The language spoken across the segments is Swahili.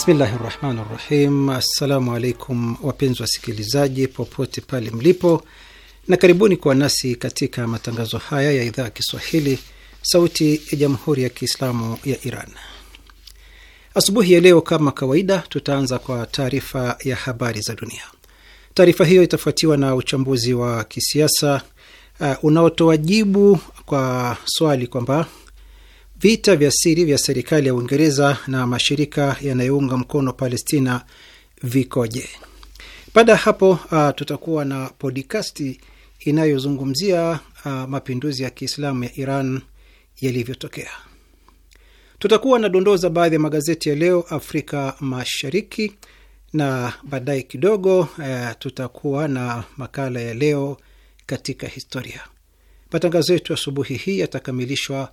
Bismillahi rahmani rahim. Assalamu alaikum wapenzi wasikilizaji popote pale mlipo, na karibuni kwa nasi katika matangazo haya ya idhaa ya Kiswahili sauti ya jamhuri ya Kiislamu ya Iran. Asubuhi ya leo, kama kawaida, tutaanza kwa taarifa ya habari za dunia. Taarifa hiyo itafuatiwa na uchambuzi wa kisiasa uh, unaotoa jibu kwa swali kwamba Vita vya siri vya serikali ya Uingereza na mashirika yanayounga mkono Palestina vikoje? Baada ya hapo uh, tutakuwa na podikasti inayozungumzia uh, mapinduzi ya Kiislamu ya Iran yalivyotokea. Tutakuwa na dondoo za baadhi ya magazeti ya leo Afrika Mashariki, na baadaye kidogo uh, tutakuwa na makala ya leo katika historia. Matangazo yetu asubuhi hii yatakamilishwa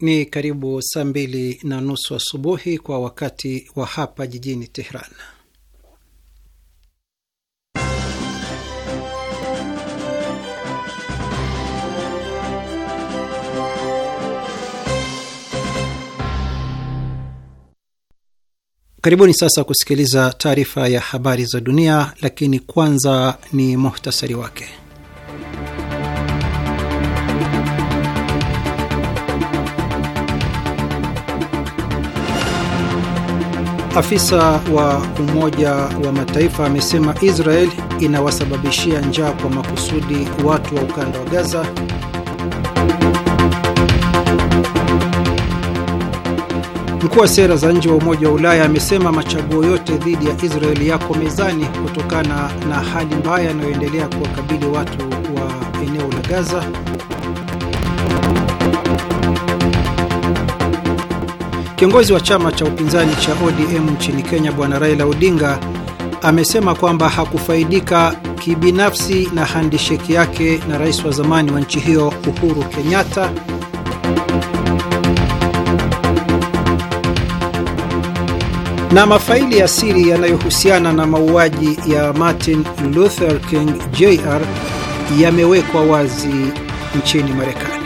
Ni karibu saa mbili na nusu asubuhi wa kwa wakati wa hapa jijini Tehran. Karibuni sasa kusikiliza taarifa ya habari za dunia, lakini kwanza ni muhtasari wake. Afisa wa Umoja wa Mataifa amesema Israel inawasababishia njaa kwa makusudi watu wa ukanda wa Gaza. Mkuu wa sera za nje wa Umoja wa Ulaya amesema machaguo yote dhidi ya Israeli yako mezani kutokana na hali mbaya yanayoendelea kuwakabili watu wa eneo la Gaza. Kiongozi wa chama cha upinzani cha ODM nchini Kenya, Bwana Raila Odinga amesema kwamba hakufaidika kibinafsi na handisheki yake na rais wa zamani wa nchi hiyo Uhuru Kenyatta. Na mafaili ya siri yanayohusiana na mauaji ya Martin Luther King Jr yamewekwa wazi nchini Marekani.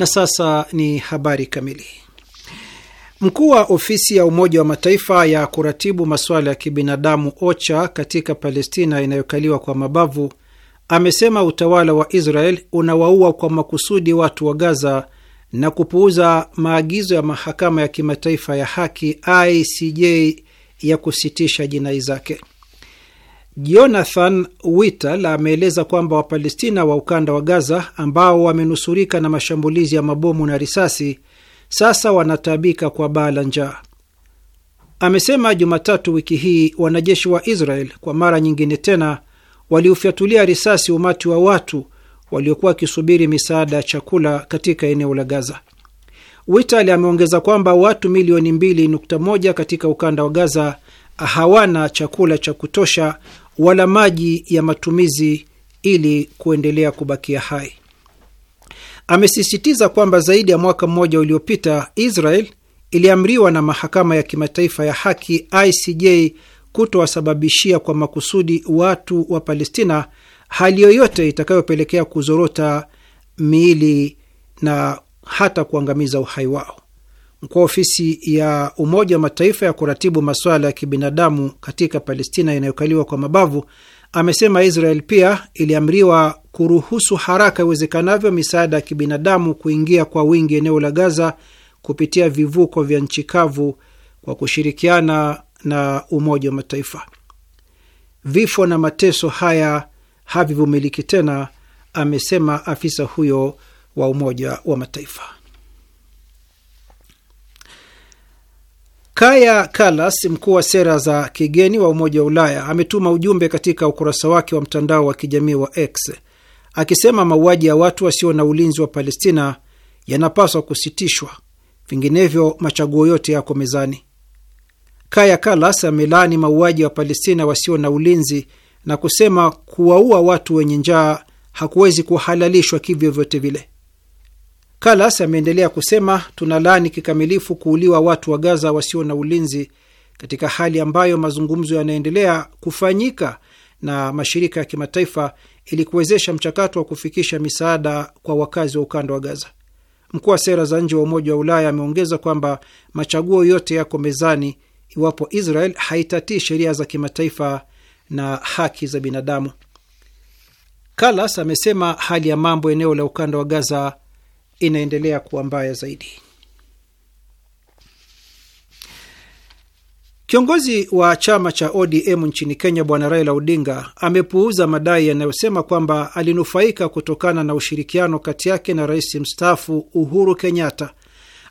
Na sasa ni habari kamili. Mkuu wa ofisi ya Umoja wa Mataifa ya kuratibu masuala ya kibinadamu OCHA katika Palestina inayokaliwa kwa mabavu amesema utawala wa Israel unawaua kwa makusudi watu wa Gaza na kupuuza maagizo ya mahakama ya kimataifa ya haki ICJ ya kusitisha jinai zake. Jonathan Wital ameeleza kwamba Wapalestina wa ukanda wa Gaza ambao wamenusurika na mashambulizi ya mabomu na risasi sasa wanataabika kwa baa la njaa. Amesema Jumatatu wiki hii wanajeshi wa Israel kwa mara nyingine tena waliufyatulia risasi umati wa watu waliokuwa wakisubiri misaada ya chakula katika eneo la Gaza. Wital ameongeza kwamba watu milioni 2.1 katika ukanda wa Gaza hawana chakula cha kutosha wala maji ya matumizi ili kuendelea kubakia hai. Amesisitiza kwamba zaidi ya mwaka mmoja uliopita Israel iliamriwa na mahakama ya kimataifa ya haki ICJ kutowasababishia kwa makusudi watu wa Palestina hali yoyote itakayopelekea kuzorota miili na hata kuangamiza uhai wao kwa ofisi ya Umoja wa Mataifa ya kuratibu masuala ya kibinadamu katika Palestina inayokaliwa kwa mabavu amesema Israel pia iliamriwa kuruhusu haraka iwezekanavyo misaada ya kibinadamu kuingia kwa wingi eneo la Gaza kupitia vivuko vya nchi kavu kwa kushirikiana na Umoja wa Mataifa. Vifo na mateso haya havivumiliki tena, amesema afisa huyo wa Umoja wa Mataifa. Kaya kalas mkuu wa sera za kigeni wa Umoja wa Ulaya, ametuma ujumbe katika ukurasa wake wa mtandao wa kijamii wa X akisema mauaji ya watu wasio na ulinzi wa Palestina yanapaswa kusitishwa, vinginevyo machaguo yote yako mezani. Kaya kalas amelaani mauaji wa Palestina wasio na ulinzi na kusema kuwaua watu wenye njaa hakuwezi kuhalalishwa kivyovyote vile. Kalas ameendelea kusema, tunalaani kikamilifu kuuliwa watu wa Gaza wasio na ulinzi katika hali ambayo mazungumzo yanaendelea kufanyika na mashirika ya kimataifa ili kuwezesha mchakato wa kufikisha misaada kwa wakazi wa ukanda wa Gaza. Mkuu wa sera za nje wa Umoja wa Ulaya ameongeza kwamba machaguo yote yako mezani iwapo Israel haitatii sheria za kimataifa na haki za binadamu. Kalas amesema hali ya mambo eneo la ukanda wa Gaza inaendelea kuwa mbaya zaidi. Kiongozi wa chama cha ODM nchini Kenya, Bwana Raila Odinga amepuuza madai yanayosema kwamba alinufaika kutokana na ushirikiano kati yake na rais mstaafu Uhuru Kenyatta,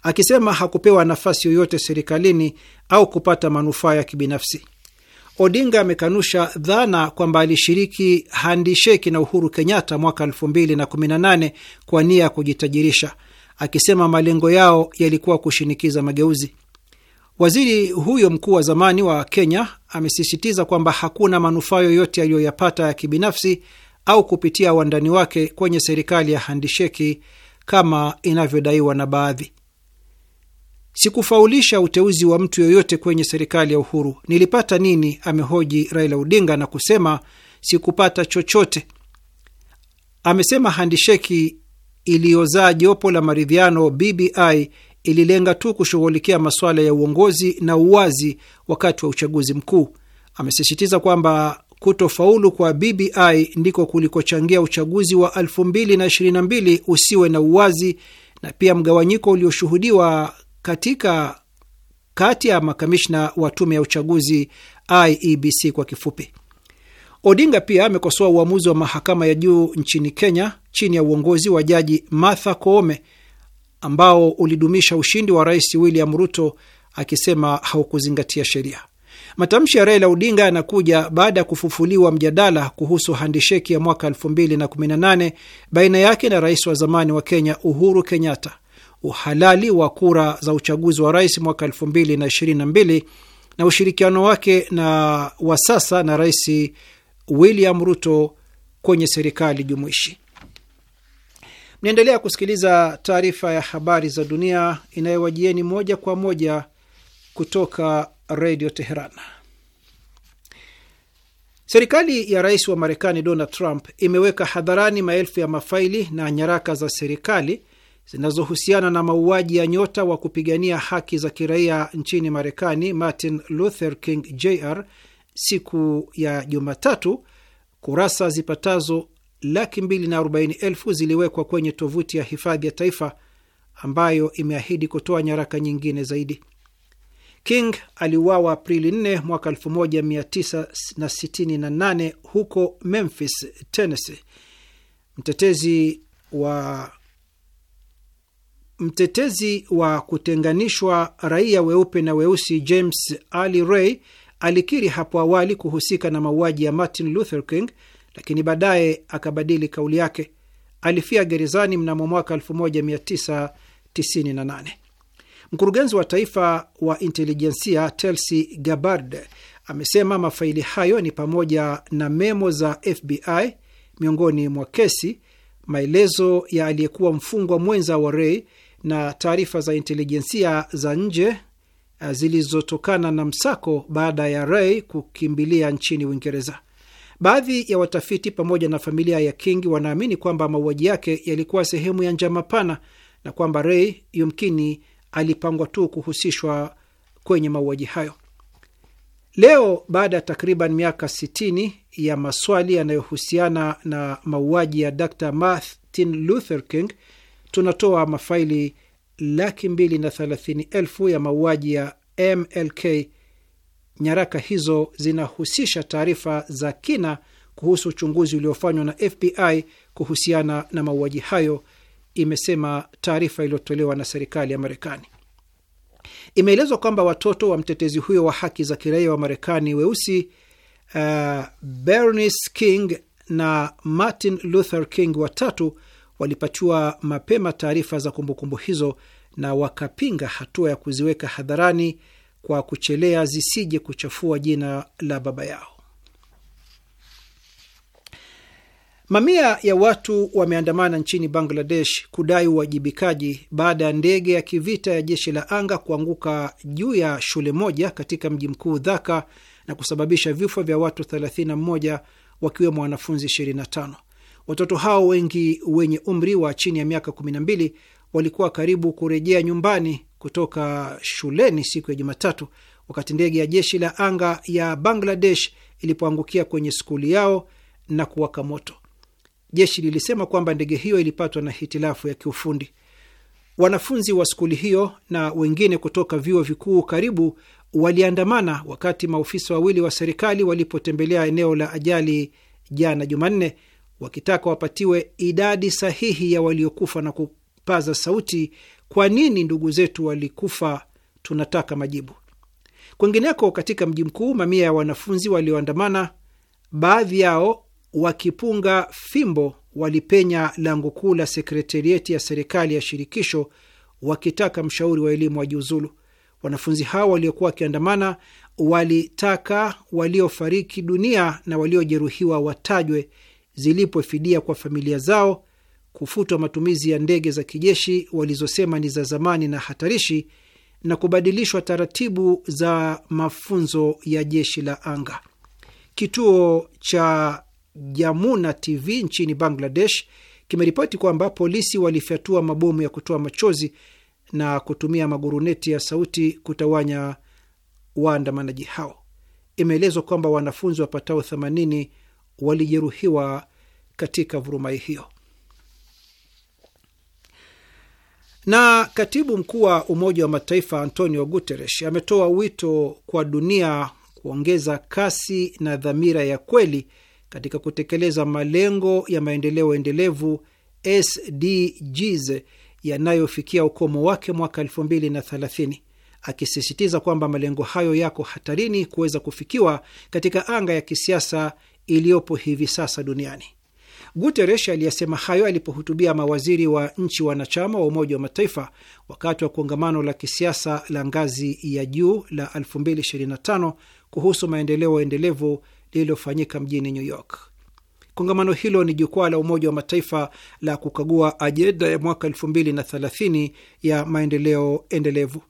akisema hakupewa nafasi yoyote serikalini au kupata manufaa ya kibinafsi. Odinga amekanusha dhana kwamba alishiriki handisheki na Uhuru Kenyatta mwaka 2018 kwa nia ya kujitajirisha, akisema malengo yao yalikuwa kushinikiza mageuzi. Waziri huyo mkuu wa zamani wa Kenya amesisitiza kwamba hakuna manufaa yoyote aliyoyapata ya kibinafsi au kupitia wandani wake kwenye serikali ya handisheki kama inavyodaiwa na baadhi. Sikufaulisha uteuzi wa mtu yoyote kwenye serikali ya Uhuru. Nilipata nini? Amehoji Raila Odinga na kusema sikupata chochote. Amesema handisheki iliyozaa jopo la maridhiano BBI ililenga tu kushughulikia masuala ya uongozi na uwazi wakati wa uchaguzi mkuu. Amesisitiza kwamba kutofaulu kwa BBI ndiko kulikochangia uchaguzi wa 2022 usiwe na uwazi na pia mgawanyiko ulioshuhudiwa katika kati ya makamishna wa tume ya uchaguzi IEBC kwa kifupi. Odinga pia amekosoa uamuzi wa mahakama ya juu nchini Kenya chini ya uongozi wa Jaji Martha Koome ambao ulidumisha ushindi wa Rais William Ruto akisema haukuzingatia sheria. Matamshi ya Raila Odinga yanakuja baada ya kufufuliwa mjadala kuhusu handisheki ya mwaka 2018 baina yake na rais wa zamani wa Kenya Uhuru Kenyatta uhalali wa kura za uchaguzi wa rais mwaka mbili na ushirikiano wake na wa sasa na Rais William Ruto kwenye serikali jumuishi. Mnaendelea kusikiliza taarifa ya habari za dunia inayowajieni moja kwa moja kutoka redio Teheran. Serikali ya rais wa Marekani Donald Trump imeweka hadharani maelfu ya mafaili na nyaraka za serikali zinazohusiana na mauaji ya nyota wa kupigania haki za kiraia nchini Marekani, Martin Luther King Jr, siku ya Jumatatu, kurasa zipatazo laki mbili na arobaini elfu ziliwekwa kwenye tovuti ya hifadhi ya taifa ambayo imeahidi kutoa nyaraka nyingine zaidi. King aliuawa Aprili 4 mwaka 1968 huko Memphis, Tennessee. Mtetezi wa mtetezi wa kutenganishwa raia weupe na weusi James Ali Ray alikiri hapo awali kuhusika na mauaji ya Martin Luther King, lakini baadaye akabadili kauli yake. Alifia gerezani mnamo mwaka 1998. Mkurugenzi wa taifa wa intelijensia Telsi Gabbard amesema mafaili hayo ni pamoja na memo za FBI miongoni mwa kesi, maelezo ya aliyekuwa mfungwa mwenza wa Ray na taarifa za intelijensia za nje eh, zilizotokana na msako baada ya Ray kukimbilia nchini Uingereza. Baadhi ya watafiti pamoja na familia ya King wanaamini kwamba mauaji yake yalikuwa sehemu ya njama pana na kwamba Ray yumkini alipangwa tu kuhusishwa kwenye mauaji hayo. Leo baada ya takriban miaka 60 ya maswali yanayohusiana na mauaji ya Dr. Martin Luther King tunatoa mafaili laki mbili na thelathini elfu ya mauaji ya MLK. Nyaraka hizo zinahusisha taarifa za kina kuhusu uchunguzi uliofanywa na FBI kuhusiana na mauaji hayo, imesema taarifa iliyotolewa na serikali ya Marekani. Imeelezwa kwamba watoto wa mtetezi huyo wa haki za kiraia wa Marekani weusi uh, Bernice King na Martin Luther King watatu walipatiwa mapema taarifa za kumbukumbu hizo na wakapinga hatua ya kuziweka hadharani kwa kuchelea zisije kuchafua jina la baba yao. Mamia ya watu wameandamana nchini Bangladesh kudai uwajibikaji baada ya ndege ya kivita ya jeshi la anga kuanguka juu ya shule moja katika mji mkuu Dhaka na kusababisha vifo vya watu 31 wakiwemo wanafunzi 25. Watoto hao wengi wenye umri wa chini ya miaka 12 walikuwa karibu kurejea nyumbani kutoka shuleni siku ya Jumatatu wakati ndege ya jeshi la anga ya Bangladesh ilipoangukia kwenye skuli yao na kuwaka moto. Jeshi lilisema kwamba ndege hiyo ilipatwa na hitilafu ya kiufundi. Wanafunzi wa skuli hiyo na wengine kutoka vyuo vikuu karibu waliandamana wakati maofisa wawili wa serikali walipotembelea eneo la ajali jana Jumanne wakitaka wapatiwe idadi sahihi ya waliokufa na kupaza sauti, kwa nini ndugu zetu walikufa? Tunataka majibu. Kwingineko, katika mji mkuu, mamia ya wanafunzi walioandamana, baadhi yao wakipunga fimbo, walipenya lango kuu la sekretarieti ya serikali ya shirikisho wakitaka mshauri wa elimu wajiuzulu. Wanafunzi hao waliokuwa wakiandamana walitaka waliofariki dunia na waliojeruhiwa watajwe zilipwe fidia kwa familia zao, kufutwa matumizi ya ndege za kijeshi walizosema ni za zamani na hatarishi, na kubadilishwa taratibu za mafunzo ya jeshi la anga. Kituo cha Jamuna TV nchini Bangladesh kimeripoti kwamba polisi walifyatua mabomu ya kutoa machozi na kutumia maguruneti ya sauti kutawanya waandamanaji hao. Imeelezwa kwamba wanafunzi wapatao 80 walijeruhiwa katika vurumai hiyo. Na katibu mkuu wa Umoja wa Mataifa Antonio Guterres ametoa wito kwa dunia kuongeza kasi na dhamira ya kweli katika kutekeleza malengo ya maendeleo endelevu SDGs yanayofikia ukomo wake mwaka 2030 akisisitiza kwamba malengo hayo yako hatarini kuweza kufikiwa katika anga ya kisiasa iliyopo hivi sasa duniani. Guterres aliyasema hayo alipohutubia mawaziri wa nchi wanachama wa Umoja wa Mataifa wakati wa kongamano la kisiasa la ngazi ya juu la 2025 kuhusu maendeleo endelevu lililofanyika mjini New York. Kongamano hilo ni jukwaa la Umoja wa Mataifa la kukagua ajenda ya mwaka 2030 ya maendeleo endelevu.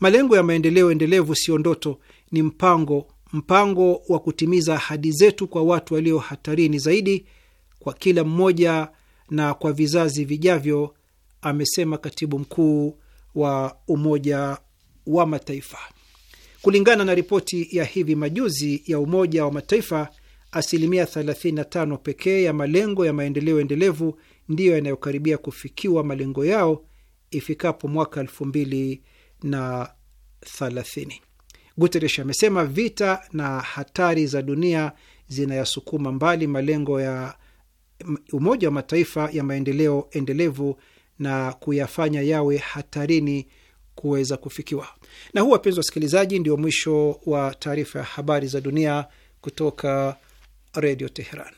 Malengo ya maendeleo endelevu siyo ndoto, ni mpango mpango wa kutimiza ahadi zetu kwa watu walio hatarini zaidi, kwa kila mmoja na kwa vizazi vijavyo, amesema katibu mkuu wa Umoja wa Mataifa. Kulingana na ripoti ya hivi majuzi ya Umoja wa Mataifa, asilimia 35 pekee ya malengo ya maendeleo endelevu ndiyo yanayokaribia kufikiwa malengo yao ifikapo mwaka 2030. Guterres amesema vita na hatari za dunia zinayasukuma mbali malengo ya Umoja wa Mataifa ya maendeleo endelevu na kuyafanya yawe hatarini kuweza kufikiwa. Na huu, wapenzi wasikilizaji, ndio mwisho wa taarifa ya habari za dunia kutoka Redio Teheran.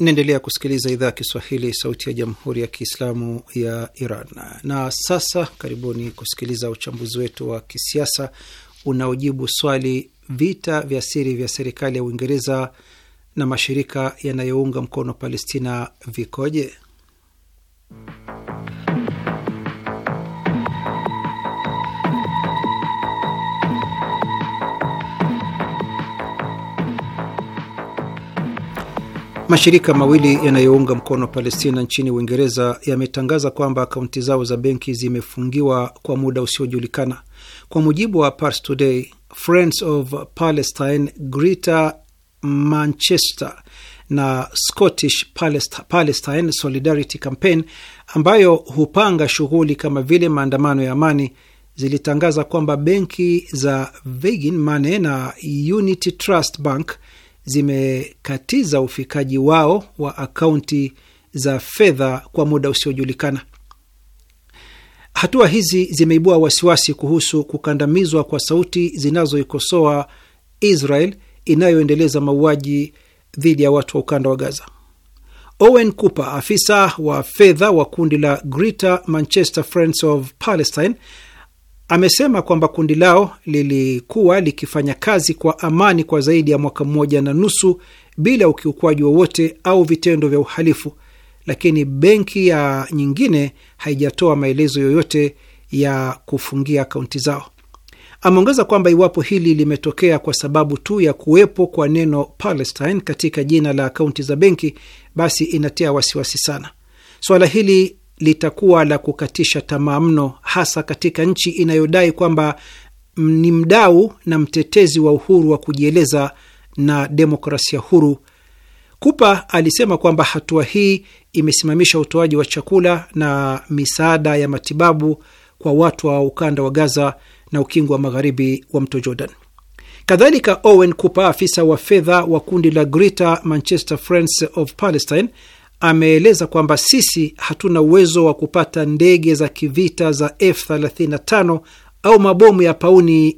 Naendelea kusikiliza idhaa ya Kiswahili, sauti ya jamhuri ya kiislamu ya Iran. Na sasa karibuni kusikiliza uchambuzi wetu wa kisiasa unaojibu swali vita vya siri vya serikali ya Uingereza na mashirika yanayounga mkono Palestina vikoje? Mashirika mawili yanayounga mkono Palestina nchini Uingereza yametangaza kwamba akaunti zao za benki zimefungiwa kwa muda usiojulikana. Kwa mujibu wa Pars Today, Friends of Palestine, Greater Manchester na Scottish Palestine Solidarity Campaign ambayo hupanga shughuli kama vile maandamano ya amani zilitangaza kwamba benki za Vegin Money na Unity Trust Bank zimekatiza ufikaji wao wa akaunti za fedha kwa muda usiojulikana. Hatua hizi zimeibua wasiwasi kuhusu kukandamizwa kwa sauti zinazoikosoa Israel inayoendeleza mauaji dhidi ya watu wa ukanda wa Gaza. Owen Cooper, afisa wa fedha wa kundi la Greater Manchester Friends of Palestine, Amesema kwamba kundi lao lilikuwa likifanya kazi kwa amani kwa zaidi ya mwaka mmoja na nusu bila ukiukwaji wowote au vitendo vya uhalifu, lakini benki ya nyingine haijatoa maelezo yoyote ya kufungia akaunti zao. Ameongeza kwamba iwapo hili limetokea kwa sababu tu ya kuwepo kwa neno Palestine katika jina la akaunti za benki, basi inatia wasiwasi sana. Suala hili litakuwa la kukatisha tamaa mno, hasa katika nchi inayodai kwamba ni mdau na mtetezi wa uhuru wa kujieleza na demokrasia huru. Kupa alisema kwamba hatua hii imesimamisha utoaji wa chakula na misaada ya matibabu kwa watu wa ukanda wa Gaza na ukingo wa magharibi wa mto Jordan. Kadhalika, Owen Cooper, afisa wa fedha wa kundi la Greater Manchester Friends of Palestine, ameeleza kwamba sisi hatuna uwezo wa kupata ndege za kivita za F35 au mabomu ya pauni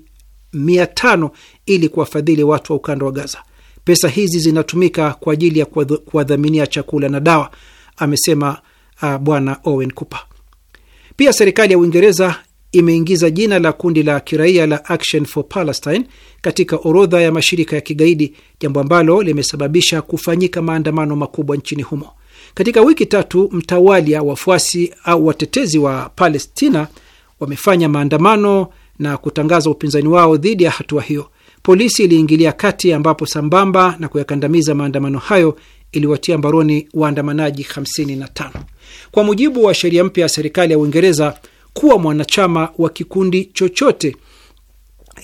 500 ili kuwafadhili watu wa ukanda wa Gaza. Pesa hizi zinatumika kwa ajili ya kuwadhaminia chakula na dawa, amesema uh, bwana Owen Cooper. Pia serikali ya Uingereza imeingiza jina la kundi la kiraia la Action for Palestine katika orodha ya mashirika ya kigaidi, jambo ambalo limesababisha kufanyika maandamano makubwa nchini humo. Katika wiki tatu mtawalia, wafuasi au watetezi wa Palestina wamefanya maandamano na kutangaza upinzani wao dhidi ya hatua hiyo. Polisi iliingilia kati, ambapo sambamba na kuyakandamiza maandamano hayo iliwatia mbaroni waandamanaji 55. Kwa mujibu wa sheria mpya ya serikali ya Uingereza, kuwa mwanachama wa kikundi chochote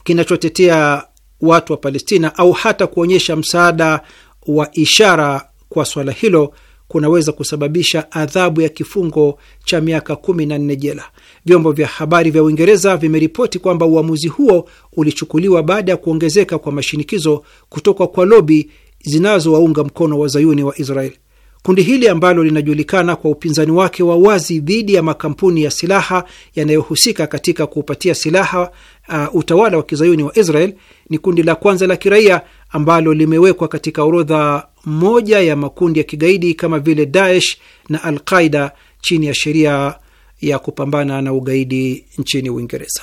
kinachotetea watu wa Palestina au hata kuonyesha msaada wa ishara kwa swala hilo kunaweza kusababisha adhabu ya kifungo cha miaka kumi na nne jela. Vyombo vya habari vya Uingereza vimeripoti kwamba uamuzi huo ulichukuliwa baada ya kuongezeka kwa mashinikizo kutoka kwa lobi zinazowaunga mkono wazayuni wa Israel. Kundi hili ambalo linajulikana kwa upinzani wake wa wazi dhidi ya makampuni ya silaha yanayohusika katika kuupatia silaha uh, utawala wa kizayuni wa Israel ni kundi la kwanza la kiraia ambalo limewekwa katika orodha moja ya makundi ya kigaidi kama vile Daesh na Al Qaida chini ya sheria ya kupambana na ugaidi nchini Uingereza.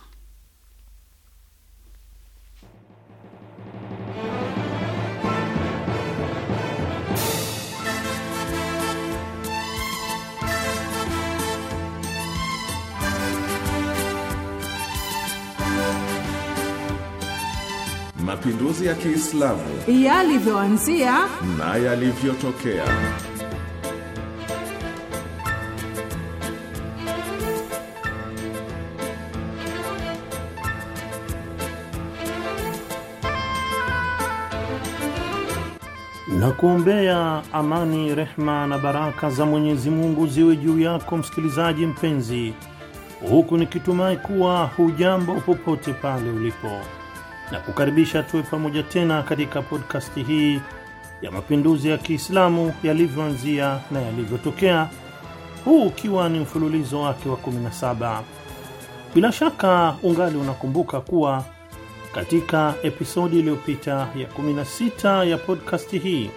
mapinduzi ya Kiislamu yalivyoanzia na yalivyotokea. na kuombea amani, rehma na baraka za Mwenyezi Mungu ziwe juu yako msikilizaji mpenzi, huku nikitumai kuwa hujambo popote pale ulipo na kukaribisha tuwe pamoja tena katika podkasti hii ya mapinduzi ya Kiislamu yalivyoanzia na yalivyotokea, huu ukiwa ni mfululizo wake wa 17. Bila shaka ungali unakumbuka kuwa katika episodi iliyopita ya 16 ya podkasti hii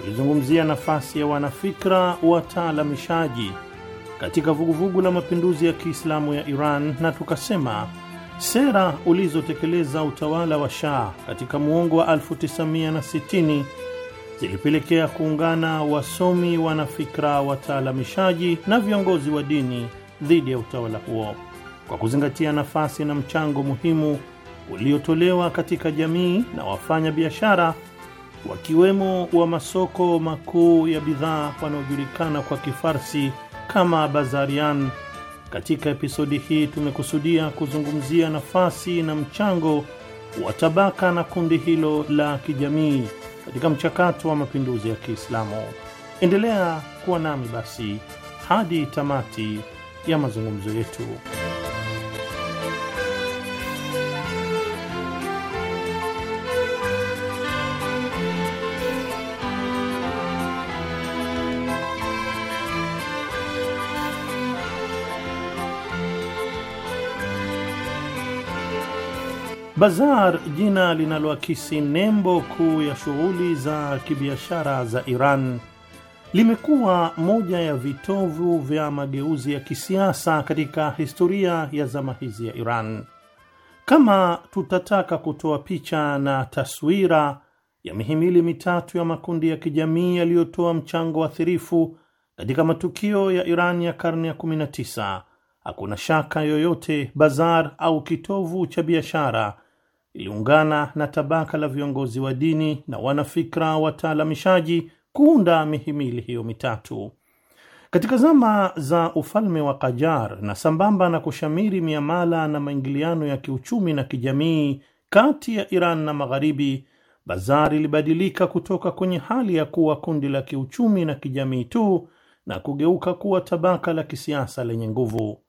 tulizungumzia nafasi ya wanafikra wataalamishaji katika vuguvugu la mapinduzi ya Kiislamu ya Iran na tukasema Sera ulizotekeleza utawala wa Shah katika muongo wa 1960 zilipelekea kuungana wasomi, wanafikra, wataalamishaji na viongozi wa dini dhidi ya utawala huo. Kwa kuzingatia nafasi na mchango muhimu uliotolewa katika jamii na wafanya biashara wakiwemo wa masoko makuu ya bidhaa wanaojulikana kwa Kifarsi kama bazarian katika episodi hii tumekusudia kuzungumzia nafasi na mchango wa tabaka na kundi hilo la kijamii katika mchakato wa mapinduzi ya Kiislamu. Endelea kuwa nami basi hadi tamati ya mazungumzo yetu. Bazar, jina linaloakisi nembo kuu ya shughuli za kibiashara za Iran, limekuwa moja ya vitovu vya mageuzi ya kisiasa katika historia ya zama hizi ya Iran. Kama tutataka kutoa picha na taswira ya mihimili mitatu ya makundi ya kijamii yaliyotoa mchango athirifu katika matukio ya Iran ya karne ya 19, hakuna shaka yoyote, bazar au kitovu cha biashara iliungana na tabaka la viongozi wa dini na wanafikra wataalamishaji kuunda mihimili hiyo mitatu. Katika zama za ufalme wa kajar na sambamba na kushamiri miamala na maingiliano ya kiuchumi na kijamii kati ya Iran na Magharibi, Bazar ilibadilika kutoka kwenye hali ya kuwa kundi la kiuchumi na kijamii tu na kugeuka kuwa tabaka la kisiasa lenye nguvu.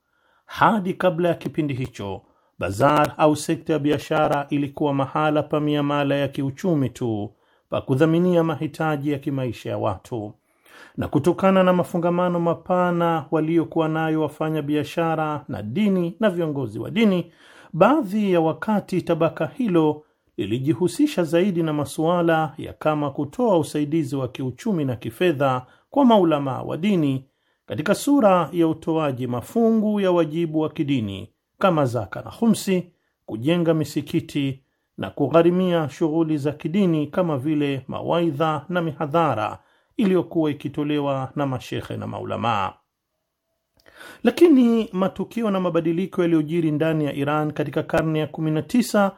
Hadi kabla ya kipindi hicho Bazar au sekta ya biashara ilikuwa mahala pa miamala ya kiuchumi tu pa kudhaminia mahitaji ya kimaisha ya watu, na kutokana na mafungamano mapana waliokuwa nayo wafanya biashara na dini na viongozi wa dini, baadhi ya wakati tabaka hilo lilijihusisha zaidi na masuala ya kama kutoa usaidizi wa kiuchumi na kifedha kwa maulamaa wa dini katika sura ya utoaji mafungu ya wajibu wa kidini kama zaka na khumsi, kujenga misikiti na kugharimia shughuli za kidini kama vile mawaidha na mihadhara iliyokuwa ikitolewa na mashekhe na maulamaa. Lakini matukio na mabadiliko yaliyojiri ndani ya Iran katika karne ya 19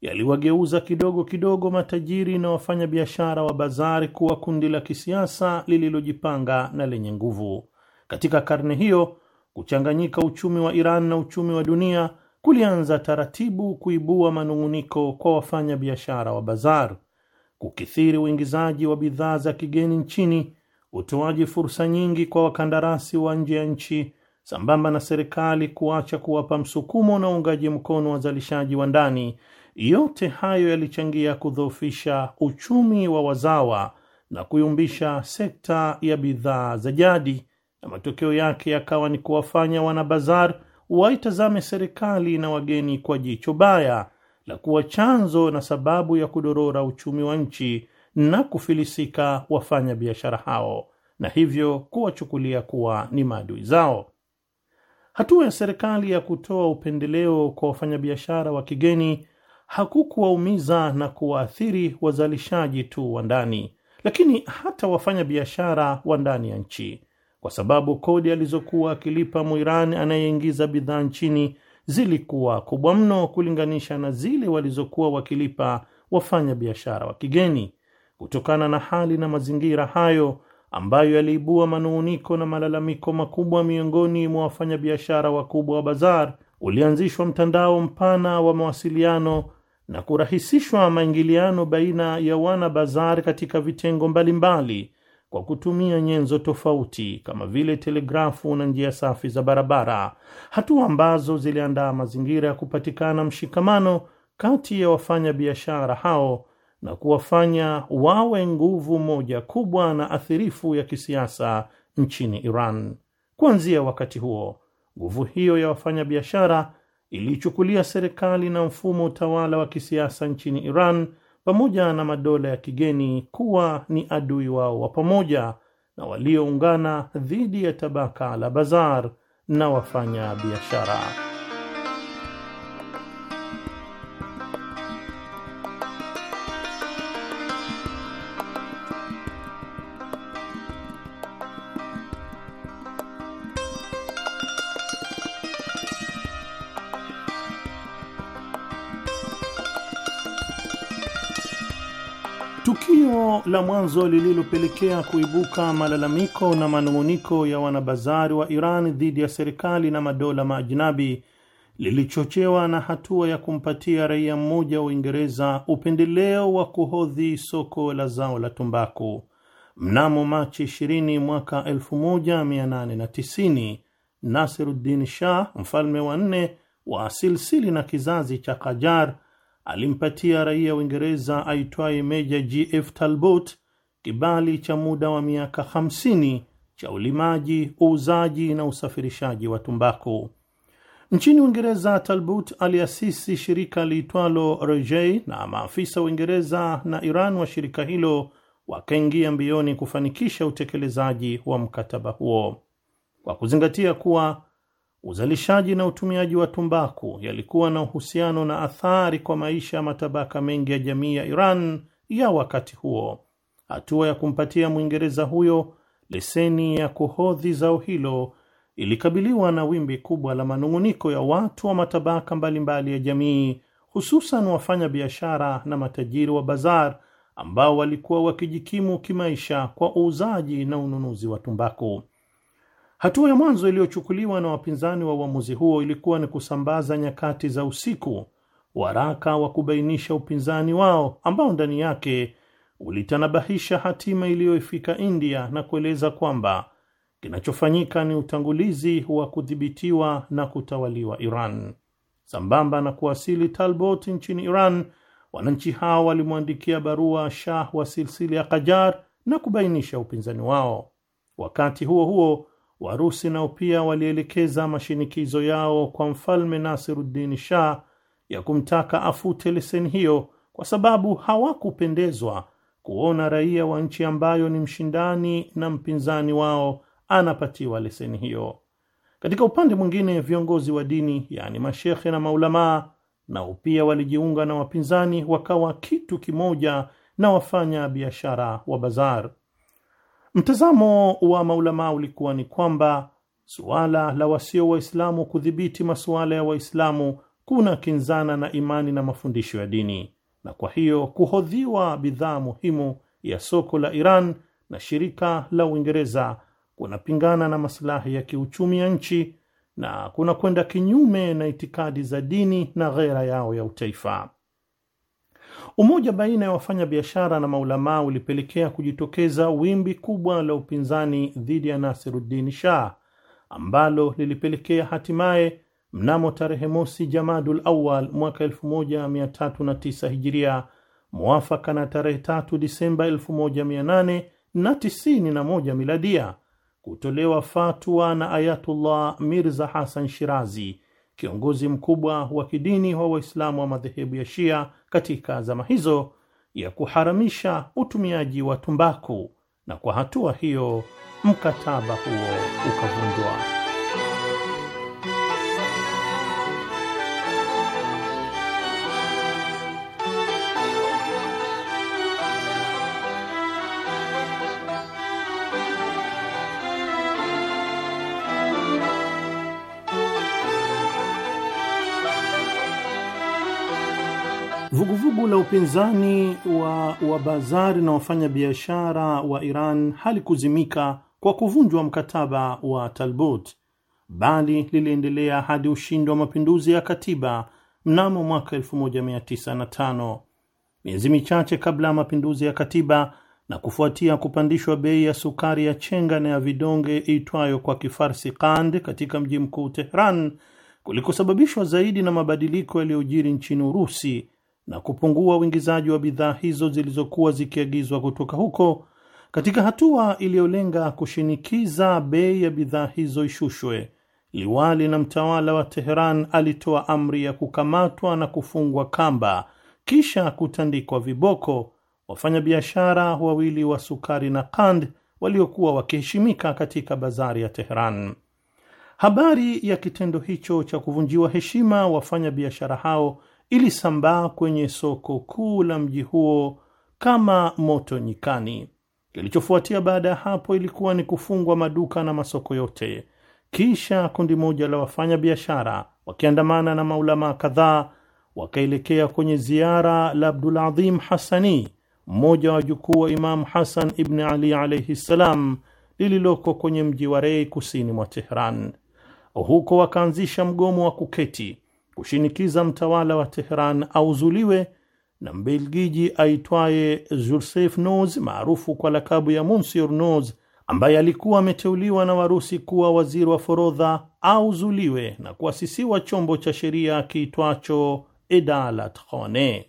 yaliwageuza kidogo kidogo matajiri na wafanyabiashara wa bazari kuwa kundi la kisiasa lililojipanga na lenye nguvu. Katika karne hiyo kuchanganyika uchumi wa Iran na uchumi wa dunia kulianza taratibu kuibua manung'uniko kwa wafanyabiashara wa bazar, kukithiri uingizaji wa bidhaa za kigeni nchini, utoaji fursa nyingi kwa wakandarasi wa nje ya nchi, sambamba na serikali kuacha kuwapa msukumo na uungaji mkono wazalishaji wa ndani. Yote hayo yalichangia kudhoofisha uchumi wa wazawa na kuyumbisha sekta ya bidhaa za jadi na matokeo yake yakawa ni kuwafanya wanabazar waitazame serikali na wageni kwa jicho baya la kuwa chanzo na sababu ya kudorora uchumi wa nchi na kufilisika wafanya biashara hao na hivyo kuwachukulia kuwa ni maadui zao. Hatua ya serikali ya kutoa upendeleo kwa wafanyabiashara wa kigeni hakukuwaumiza na kuwaathiri wazalishaji tu wa ndani, lakini hata wafanyabiashara wa ndani ya nchi kwa sababu kodi alizokuwa akilipa Mwirani anayeingiza bidhaa nchini zilikuwa kubwa mno kulinganisha na zile walizokuwa wakilipa wafanya biashara wa kigeni. Kutokana na hali na mazingira hayo ambayo yaliibua manung'uniko na malalamiko makubwa miongoni mwa wafanyabiashara wakubwa wa bazar, ulianzishwa mtandao mpana wa mawasiliano na kurahisishwa maingiliano baina ya wana bazar katika vitengo mbalimbali kwa kutumia nyenzo tofauti kama vile telegrafu na njia safi za barabara, hatua ambazo ziliandaa mazingira ya kupatikana mshikamano kati ya wafanyabiashara hao na kuwafanya wawe nguvu moja kubwa na athirifu ya kisiasa nchini Iran. Kuanzia wakati huo, nguvu hiyo ya wafanyabiashara iliichukulia serikali na mfumo utawala wa kisiasa nchini Iran pamoja na madola ya kigeni kuwa ni adui wao wa pamoja na walioungana dhidi ya tabaka la bazar na wafanya biashara. la mwanzo lililopelekea kuibuka malalamiko na manung'uniko ya wanabazari wa Iran dhidi ya serikali na madola maajnabi lilichochewa na hatua ya kumpatia raia mmoja wa Uingereza upendeleo wa kuhodhi soko la zao la tumbaku mnamo Machi 20 mwaka 1890, Nasiruddin Shah, mfalme wa nne wa silsili na kizazi cha Kajar alimpatia raia Uingereza aitwaye Meja GF Talbot kibali cha muda wa miaka 50 cha ulimaji, uuzaji na usafirishaji wa tumbaku nchini Uingereza. Talbot aliasisi shirika liitwalo Rejei, na maafisa wa Uingereza na Iran wa shirika hilo wakaingia mbioni kufanikisha utekelezaji wa mkataba huo kwa kuzingatia kuwa Uzalishaji na utumiaji wa tumbaku yalikuwa na uhusiano na athari kwa maisha ya matabaka mengi ya jamii ya Iran ya wakati huo. Hatua ya kumpatia Mwingereza huyo leseni ya kuhodhi zao hilo ilikabiliwa na wimbi kubwa la manung'uniko ya watu wa matabaka mbalimbali ya jamii, hususan wafanya biashara na matajiri wa bazar ambao walikuwa wakijikimu kimaisha kwa uuzaji na ununuzi wa tumbaku. Hatua ya mwanzo iliyochukuliwa na wapinzani wa uamuzi huo ilikuwa ni kusambaza nyakati za usiku waraka wa kubainisha upinzani wao ambao ndani yake ulitanabahisha hatima iliyoifika India na kueleza kwamba kinachofanyika ni utangulizi wa kudhibitiwa na kutawaliwa Iran. Sambamba na kuwasili Talbot nchini Iran, wananchi hao walimwandikia barua Shah wa silsili ya Kajar na kubainisha upinzani wao. Wakati huo huo Warusi nao pia walielekeza mashinikizo yao kwa mfalme Nasiruddin Shah ya kumtaka afute leseni hiyo kwa sababu hawakupendezwa kuona raia wa nchi ambayo ni mshindani na mpinzani wao anapatiwa leseni hiyo. Katika upande mwingine, viongozi wa dini yaani mashekhe na maulamaa nao pia walijiunga na wapinzani, wakawa kitu kimoja na wafanya biashara wa bazar. Mtazamo wa maulama ulikuwa ni kwamba suala la wasio Waislamu kudhibiti masuala ya Waislamu kuna kinzana na imani na mafundisho ya dini, na kwa hiyo kuhodhiwa bidhaa muhimu ya soko la Iran na shirika la Uingereza kunapingana na masilahi ya kiuchumi ya nchi na kuna kwenda kinyume na itikadi za dini na ghera yao ya utaifa. Umoja baina ya wafanya biashara na maulamaa ulipelekea kujitokeza wimbi kubwa la upinzani dhidi ya Nasiruddin Shah ambalo lilipelekea hatimaye mnamo tarehe mosi Jamadul Awal mwaka 1309 Hijiria mwafaka na tarehe 3 Disemba 1891 Miladia kutolewa fatwa na Ayatullah Mirza Hasan Shirazi kiongozi mkubwa wa kidini wa Waislamu wa madhehebu ya Shia katika zama hizo ya kuharamisha utumiaji wa tumbaku na kwa hatua hiyo mkataba huo ukavunjwa. wapinzani wa wabazari na wafanyabiashara wa Iran halikuzimika kwa kuvunjwa mkataba wa Talbot, bali liliendelea hadi ushindi wa mapinduzi ya katiba mnamo mwaka 1905. Miezi michache kabla ya mapinduzi ya katiba na kufuatia kupandishwa bei ya sukari ya chenga na ya vidonge iitwayo kwa Kifarsi Qand katika mji mkuu Tehran, kulikosababishwa zaidi na mabadiliko yaliyojiri nchini Urusi na kupungua uingizaji wa bidhaa hizo zilizokuwa zikiagizwa kutoka huko katika hatua iliyolenga kushinikiza bei ya bidhaa hizo ishushwe. Liwali na mtawala wa Teheran alitoa amri ya kukamatwa na kufungwa kamba kisha kutandikwa viboko wafanyabiashara wawili wa sukari na kand waliokuwa wakiheshimika katika bazari ya Teheran. Habari ya kitendo hicho cha kuvunjiwa heshima wafanyabiashara hao ilisambaa kwenye soko kuu la mji huo kama moto nyikani. Kilichofuatia baada ya hapo ilikuwa ni kufungwa maduka na masoko yote. Kisha kundi moja la wafanyabiashara wakiandamana na maulamaa kadhaa wakaelekea kwenye ziara la Abdul Hasani, mmoja wa jukuu wa Imamu Hasan Ibni Ali alaihi ssalam, lililoko kwenye mji wa Rei kusini mwa teheran Huko wakaanzisha mgomo wa kuketi kushinikiza mtawala wa Teheran auzuliwe na Mbelgiji aitwaye Joseph Noz maarufu kwa lakabu ya Monsieur Noz ambaye alikuwa ameteuliwa na Warusi kuwa waziri wa forodha auzuliwe na kuasisiwa chombo cha sheria kiitwacho Edalat Khane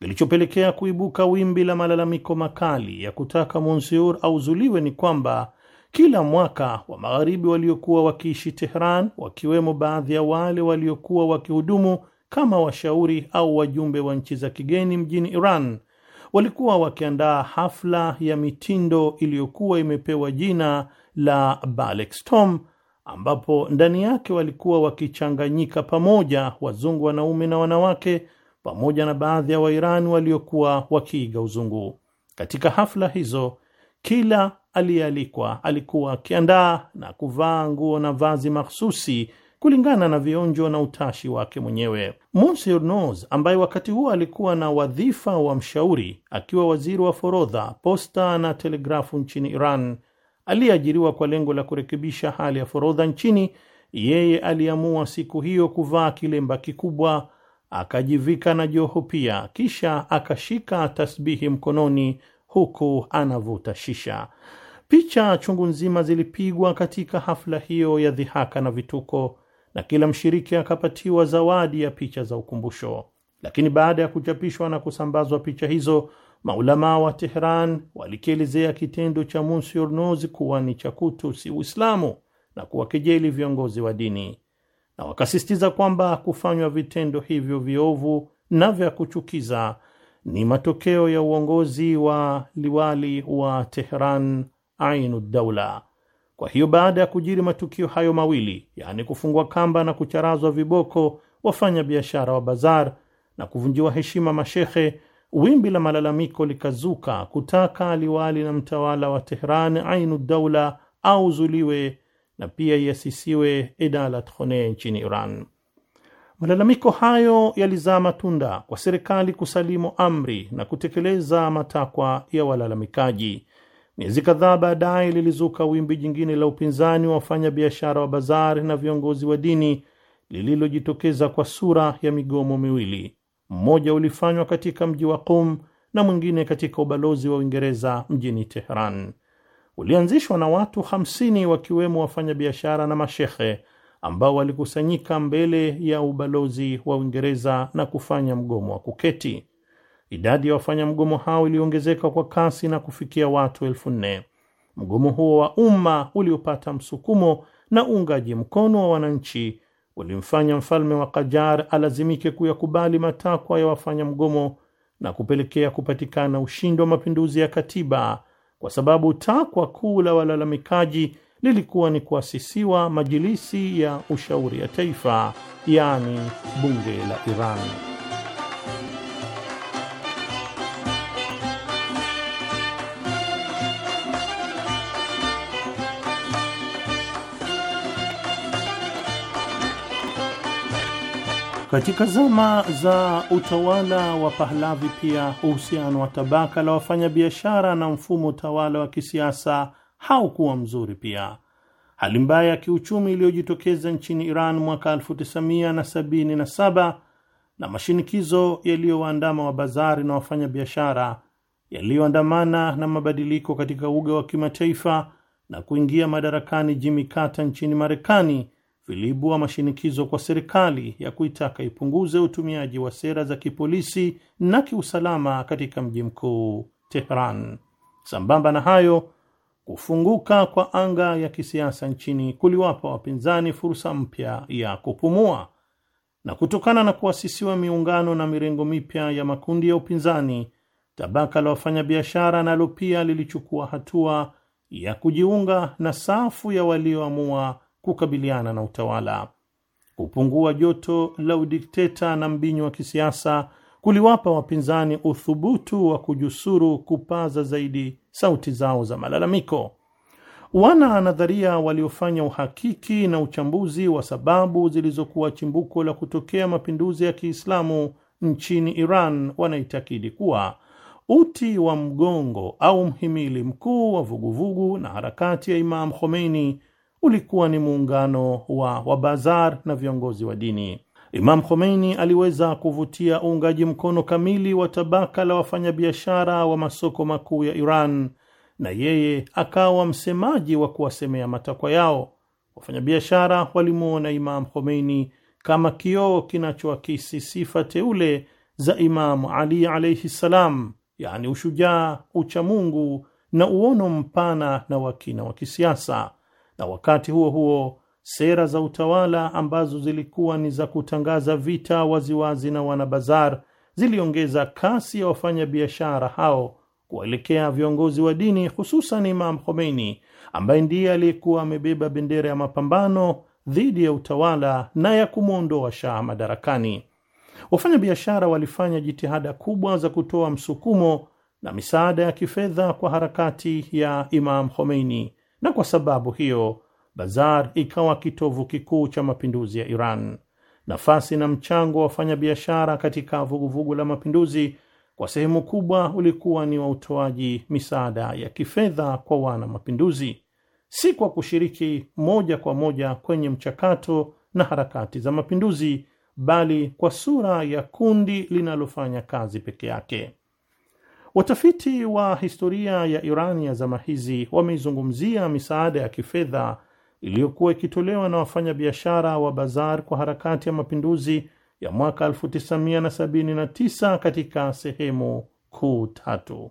kilichopelekea kuibuka wimbi la malalamiko makali ya kutaka Monsieur auzuliwe ni kwamba kila mwaka wa magharibi waliokuwa wakiishi Tehran, wakiwemo baadhi ya wale waliokuwa wakihudumu kama washauri au wajumbe wa nchi za kigeni mjini Iran, walikuwa wakiandaa hafla ya mitindo iliyokuwa imepewa jina la Balextom, ambapo ndani yake walikuwa wakichanganyika pamoja wazungu wanaume na wanawake pamoja na baadhi ya Wairani waliokuwa wakiiga uzungu. Katika hafla hizo kila aliyealikwa alikuwa akiandaa na kuvaa nguo na vazi mahsusi kulingana na vionjo na utashi wake mwenyewe. Monsieur Noz, ambaye wakati huo alikuwa na wadhifa wa mshauri akiwa waziri wa forodha, posta na telegrafu nchini Iran, aliyeajiriwa kwa lengo la kurekebisha hali ya forodha nchini, yeye aliamua siku hiyo kuvaa kilemba kikubwa, akajivika na joho pia, kisha akashika tasbihi mkononi huku anavuta shisha. Picha chungu nzima zilipigwa katika hafla hiyo ya dhihaka na vituko, na kila mshiriki akapatiwa zawadi ya picha za ukumbusho. Lakini baada ya kuchapishwa na kusambazwa picha hizo, maulamaa wa Tehran walikielezea kitendo cha Munsi nos kuwa ni cha kutu si Uislamu na kuwakejeli viongozi wa dini, na wakasisitiza kwamba kufanywa vitendo hivyo viovu na vya kuchukiza ni matokeo ya uongozi wa liwali wa Tehran Ainuddawla. Kwa hiyo baada ya kujiri matukio hayo mawili, yaani kufungwa kamba na kucharazwa viboko wafanya biashara wa bazar na kuvunjiwa heshima mashehe, wimbi la malalamiko likazuka kutaka liwali na mtawala wa Tehran au auzuliwe na pia iasisiwe edalat Khone nchini Iran. Malalamiko hayo yalizaa matunda kwa serikali kusalimu amri na kutekeleza matakwa ya walalamikaji. Miezi kadhaa baadaye, lilizuka wimbi jingine la upinzani wa wafanyabiashara wa bazari na viongozi wa dini lililojitokeza kwa sura ya migomo miwili, mmoja ulifanywa katika mji wa Qum na mwingine katika ubalozi wa Uingereza mjini teheran Ulianzishwa na watu 50 wakiwemo wafanyabiashara na mashehe ambao walikusanyika mbele ya ubalozi wa Uingereza na kufanya mgomo wa kuketi. Idadi ya wafanya mgomo hao iliongezeka kwa kasi na kufikia watu elfu nne. Mgomo huo wa umma uliopata msukumo na uungaji mkono wa wananchi ulimfanya mfalme wa Kajar alazimike kuyakubali matakwa ya wafanya mgomo na kupelekea kupatikana ushindi wa mapinduzi ya katiba, kwa sababu takwa kuu la walalamikaji lilikuwa ni kuasisiwa majilisi ya ushauri ya taifa, yaani bunge la Iran. Katika zama za utawala wa Pahlavi, pia uhusiano wa tabaka la wafanyabiashara na mfumo utawala wa kisiasa haukuwa mzuri pia. Hali mbaya ya kiuchumi iliyojitokeza nchini Iran mwaka 1977 na, na mashinikizo yaliyowaandama wabazari na wafanyabiashara yaliyoandamana na mabadiliko katika uga wa kimataifa na kuingia madarakani Jimmy Carter nchini Marekani viliibua mashinikizo kwa serikali ya kuitaka ipunguze utumiaji wa sera za kipolisi na kiusalama katika mji mkuu Tehran. Sambamba na hayo Kufunguka kwa anga ya kisiasa nchini kuliwapa wapinzani fursa mpya ya kupumua, na kutokana na kuasisiwa miungano na mirengo mipya ya makundi ya upinzani, tabaka la wafanyabiashara nalo pia lilichukua hatua ya kujiunga na safu ya walioamua kukabiliana na utawala. Kupungua joto la udikteta na mbinyo wa kisiasa kuliwapa wapinzani uthubutu wa kujusuru kupaza zaidi sauti zao za malalamiko. Wana nadharia waliofanya uhakiki na uchambuzi wa sababu zilizokuwa chimbuko la kutokea mapinduzi ya Kiislamu nchini Iran wanaitakidi kuwa uti wa mgongo au mhimili mkuu wa vuguvugu na harakati ya Imam Khomeini ulikuwa ni muungano wa wabazar na viongozi wa dini. Imam Khomeini aliweza kuvutia uungaji mkono kamili wa tabaka la wafanyabiashara wa masoko makuu ya Iran, na yeye akawa msemaji wa kuwasemea matakwa yao. Wafanyabiashara walimwona Imam Khomeini kama kioo kinachoakisi sifa teule za Imamu Ali alaihi ssalam, yaani ushujaa, uchamungu na uono mpana na wakina wa kisiasa, na wakati huo huo sera za utawala ambazo zilikuwa ni za kutangaza vita waziwazi na wanabazar ziliongeza kasi ya wafanyabiashara hao kuelekea viongozi wa dini, hususan Imam Khomeini ambaye ndiye aliyekuwa amebeba bendera ya mapambano dhidi ya utawala na ya kumwondoa Shah madarakani. Wafanyabiashara walifanya jitihada kubwa za kutoa msukumo na misaada ya kifedha kwa harakati ya Imam Khomeini, na kwa sababu hiyo Bazar ikawa kitovu kikuu cha mapinduzi ya Iran. Nafasi na mchango wa wafanyabiashara katika vuguvugu la mapinduzi kwa sehemu kubwa ulikuwa ni wa utoaji misaada ya kifedha kwa wana mapinduzi, si kwa kushiriki moja kwa moja kwenye mchakato na harakati za mapinduzi, bali kwa sura ya kundi linalofanya kazi peke yake. Watafiti wa historia ya Iran ya zama hizi wameizungumzia misaada ya kifedha iliyokuwa ikitolewa na wafanyabiashara wa Bazar kwa harakati ya mapinduzi ya mwaka 1979 katika sehemu kuu tatu.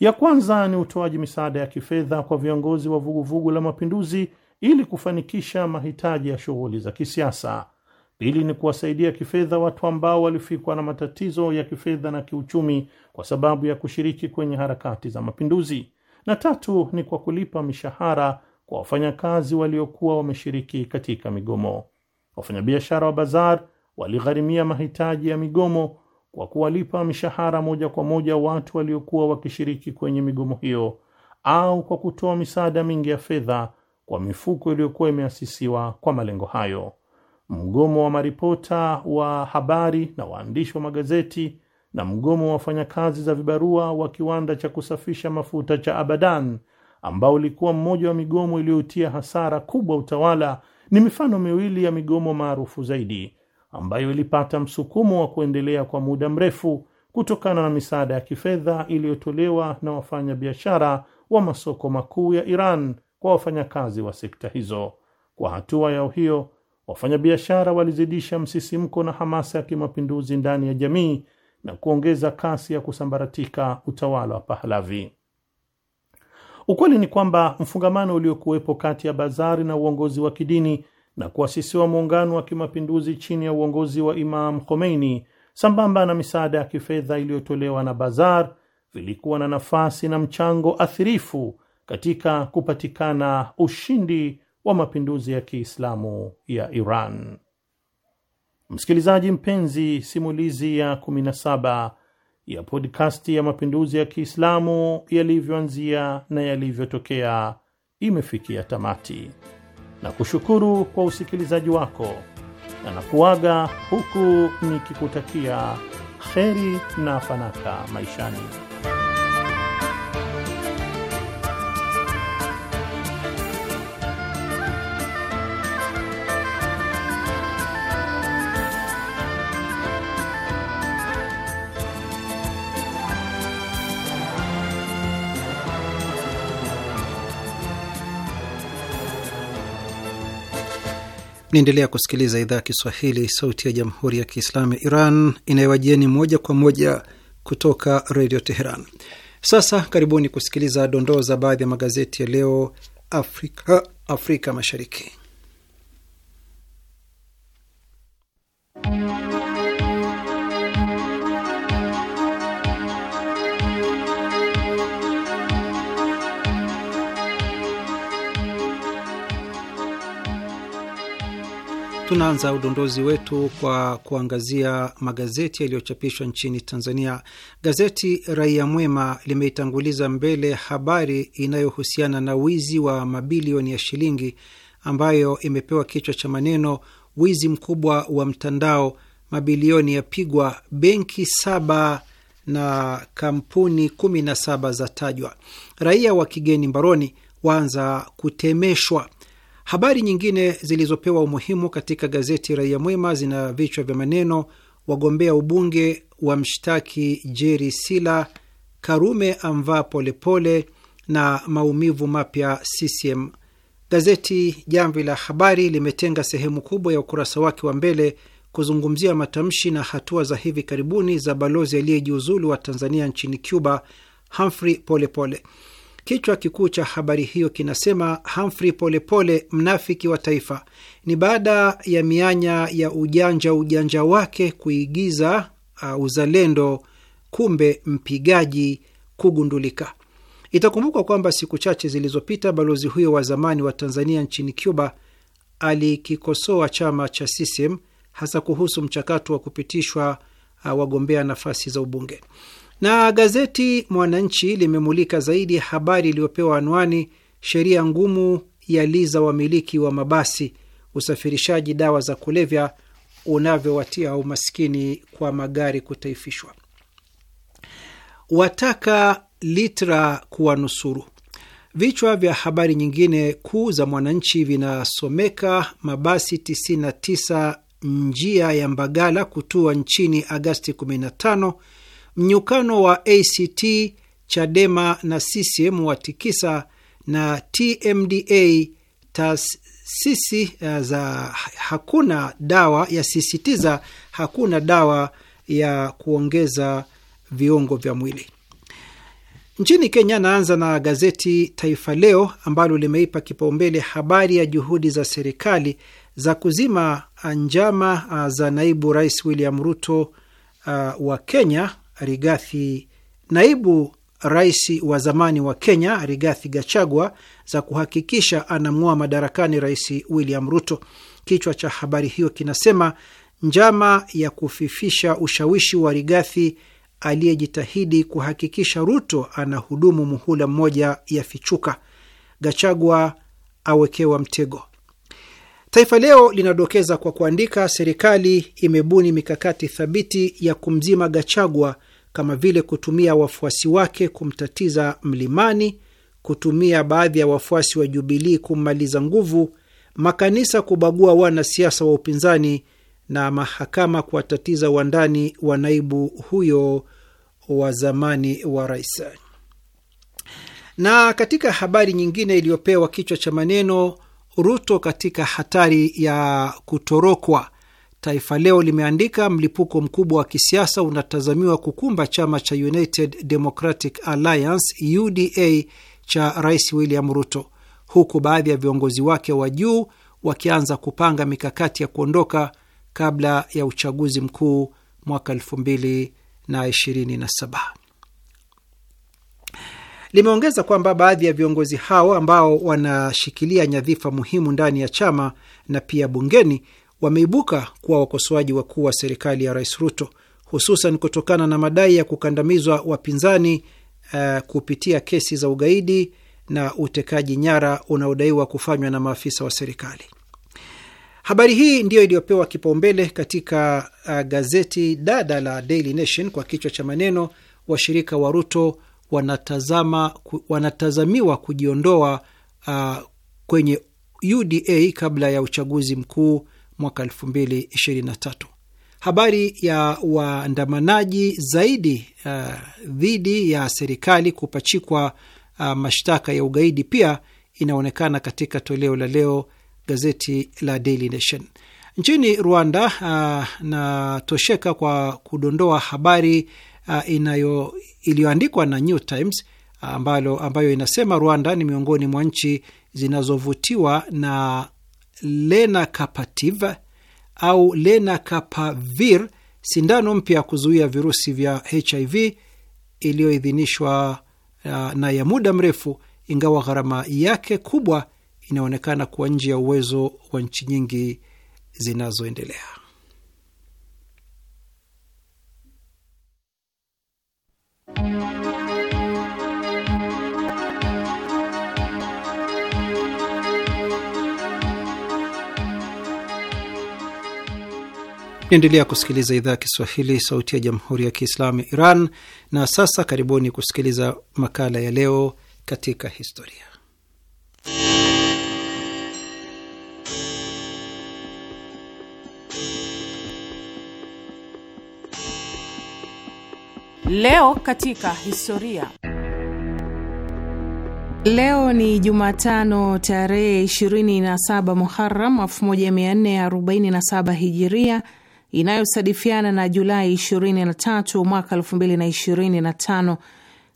Ya kwanza ni utoaji misaada ya kifedha kwa viongozi wa vuguvugu vugu la mapinduzi ili kufanikisha mahitaji ya shughuli za kisiasa. Pili ni kuwasaidia kifedha watu ambao walifikwa na matatizo ya kifedha na kiuchumi kwa sababu ya kushiriki kwenye harakati za mapinduzi, na tatu ni kwa kulipa mishahara kwa wafanyakazi waliokuwa wameshiriki katika migomo. Wafanyabiashara wa Bazar waligharimia mahitaji ya migomo kwa kuwalipa mishahara moja kwa moja watu waliokuwa wakishiriki kwenye migomo hiyo au kwa kutoa misaada mingi ya fedha kwa mifuko iliyokuwa imeasisiwa kwa malengo hayo. Mgomo wa maripota wa habari na waandishi wa magazeti na mgomo wa wafanyakazi za vibarua wa kiwanda cha kusafisha mafuta cha Abadan ambao ulikuwa mmoja wa migomo iliyotia hasara kubwa utawala, ni mifano miwili ya migomo maarufu zaidi ambayo ilipata msukumo wa kuendelea kwa muda mrefu kutokana na misaada ya kifedha iliyotolewa na wafanyabiashara wa masoko makuu ya Iran kwa wafanyakazi wa sekta hizo. Kwa hatua yao hiyo, wafanyabiashara walizidisha msisimko na hamasa ya kimapinduzi ndani ya jamii na kuongeza kasi ya kusambaratika utawala wa Pahlavi. Ukweli ni kwamba mfungamano uliokuwepo kati ya Bazari na uongozi wa kidini na kuasisiwa muungano wa kimapinduzi chini ya uongozi wa Imam Khomeini sambamba na misaada ya kifedha iliyotolewa na Bazar vilikuwa na nafasi na mchango athirifu katika kupatikana ushindi wa mapinduzi ya Kiislamu ya Iran. Msikilizaji mpenzi, simulizi ya 17 ya podkasti ya mapinduzi ya Kiislamu yalivyoanzia na yalivyotokea imefikia tamati, na kushukuru kwa usikilizaji wako na nakuaga huku nikikutakia kheri na fanaka maishani. Naendelea kusikiliza idhaa ya Kiswahili, sauti ya jamhuri ya kiislamu ya Iran inayowajieni moja kwa moja kutoka redio Teheran. Sasa karibuni kusikiliza dondoo za baadhi ya magazeti ya leo Afrika, Afrika Mashariki. Tunaanza udondozi wetu kwa kuangazia magazeti yaliyochapishwa nchini Tanzania. Gazeti Raia Mwema limeitanguliza mbele habari inayohusiana na wizi wa mabilioni ya shilingi ambayo imepewa kichwa cha maneno, wizi mkubwa wa mtandao, mabilioni yapigwa, benki saba na kampuni kumi na saba za tajwa, raia wa kigeni mbaroni waanza kutemeshwa Habari nyingine zilizopewa umuhimu katika gazeti Raia Mwema zina vichwa vya maneno: wagombea ubunge wa mshtaki Jerry Sila, Karume amvaa polepole na maumivu mapya CCM. Gazeti Jamvi la Habari limetenga sehemu kubwa ya ukurasa wake wa mbele kuzungumzia matamshi na hatua za hivi karibuni za balozi aliyejiuzulu wa Tanzania nchini Cuba, Humphrey Polepole pole. Kichwa kikuu cha habari hiyo kinasema Humphrey Polepole mnafiki wa taifa. Ni baada ya mianya ya ujanja ujanja wake kuigiza uh, uzalendo, kumbe mpigaji kugundulika. Itakumbukwa kwamba siku chache zilizopita balozi huyo wa zamani wa Tanzania nchini Cuba alikikosoa chama cha CCM hasa kuhusu mchakato wa kupitishwa uh, wagombea nafasi za ubunge. Na gazeti Mwananchi limemulika zaidi habari iliyopewa anwani, sheria ngumu ya liza wamiliki wa mabasi, usafirishaji dawa za kulevya unavyowatia umaskini kwa magari kutaifishwa, wataka LITRA kuwanusuru. Vichwa vya habari nyingine kuu za Mwananchi vinasomeka mabasi 99 njia ya Mbagala kutua nchini Agasti 15 mnyukano wa ACT, Chadema na CCM tikisa na TMDA taasisi eh, za hakuna dawa yasisitiza hakuna dawa ya kuongeza viungo vya mwili. Nchini Kenya, naanza na gazeti Taifa Leo ambalo limeipa kipaumbele habari ya juhudi za serikali za kuzima njama eh, za naibu rais William Ruto uh, wa Kenya Rigathi, naibu rais wa zamani wa Kenya Rigathi Gachagua za kuhakikisha anamng'oa madarakani Rais William Ruto. Kichwa cha habari hiyo kinasema njama ya kufifisha ushawishi wa Rigathi aliyejitahidi kuhakikisha Ruto anahudumu muhula mmoja yafichuka, Gachagua awekewa mtego. Taifa Leo linadokeza kwa kuandika, serikali imebuni mikakati thabiti ya kumzima Gachagua kama vile kutumia wafuasi wake kumtatiza mlimani, kutumia baadhi ya wafuasi wa Jubilii kummaliza nguvu, makanisa kubagua wanasiasa wa upinzani na mahakama kuwatatiza wandani wa naibu huyo wa zamani wa rais. Na katika habari nyingine iliyopewa kichwa cha maneno Ruto katika hatari ya kutorokwa, Taifa Leo limeandika mlipuko mkubwa wa kisiasa unatazamiwa kukumba chama cha United Democratic Alliance UDA cha Rais William Ruto, huku baadhi ya viongozi wake wa juu wakianza kupanga mikakati ya kuondoka kabla ya uchaguzi mkuu mwaka 2027. Limeongeza kwamba baadhi ya viongozi hao ambao wanashikilia nyadhifa muhimu ndani ya chama na pia bungeni wameibuka kuwa wakosoaji wakuu wa serikali ya Rais Ruto, hususan kutokana na madai ya kukandamizwa wapinzani uh, kupitia kesi za ugaidi na utekaji nyara unaodaiwa kufanywa na maafisa wa serikali. Habari hii ndiyo iliyopewa kipaumbele katika uh, gazeti dada la Daily Nation kwa kichwa cha maneno, washirika wa Ruto wanatazama, ku, wanatazamiwa kujiondoa uh, kwenye UDA kabla ya uchaguzi mkuu mwaka 2023. Habari ya waandamanaji zaidi uh, dhidi ya serikali kupachikwa uh, mashtaka ya ugaidi pia inaonekana katika toleo la leo gazeti la Daily Nation. Nchini Rwanda uh, natosheka kwa kudondoa habari uh, inayo iliyoandikwa na New Times ambalo, ambayo inasema Rwanda ni miongoni mwa nchi zinazovutiwa na Lena Kapativ au Lena Kapavir, sindano mpya ya kuzuia virusi vya HIV iliyoidhinishwa uh, na ya muda mrefu, ingawa gharama yake kubwa inaonekana kuwa nje ya uwezo wa nchi nyingi zinazoendelea. Naendelea kusikiliza idhaa ya Kiswahili, sauti ya jamhuri ya kiislamu ya Iran. Na sasa karibuni kusikiliza makala ya leo, katika historia. Leo katika historia. Leo ni Jumatano tarehe 27 muharam 1447 Hijiria inayosadifiana na Julai 23 mwaka 2025.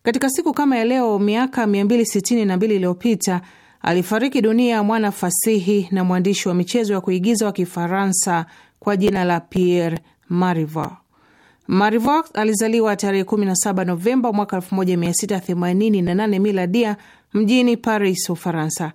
Katika siku kama ya leo miaka 262 iliyopita alifariki dunia mwana fasihi na mwandishi wa michezo ya kuigiza wa Kifaransa kwa jina la Pierre Marivaux. Marivaux alizaliwa tarehe 17 Novemba mwaka 1688 miladia mjini Paris, Ufaransa.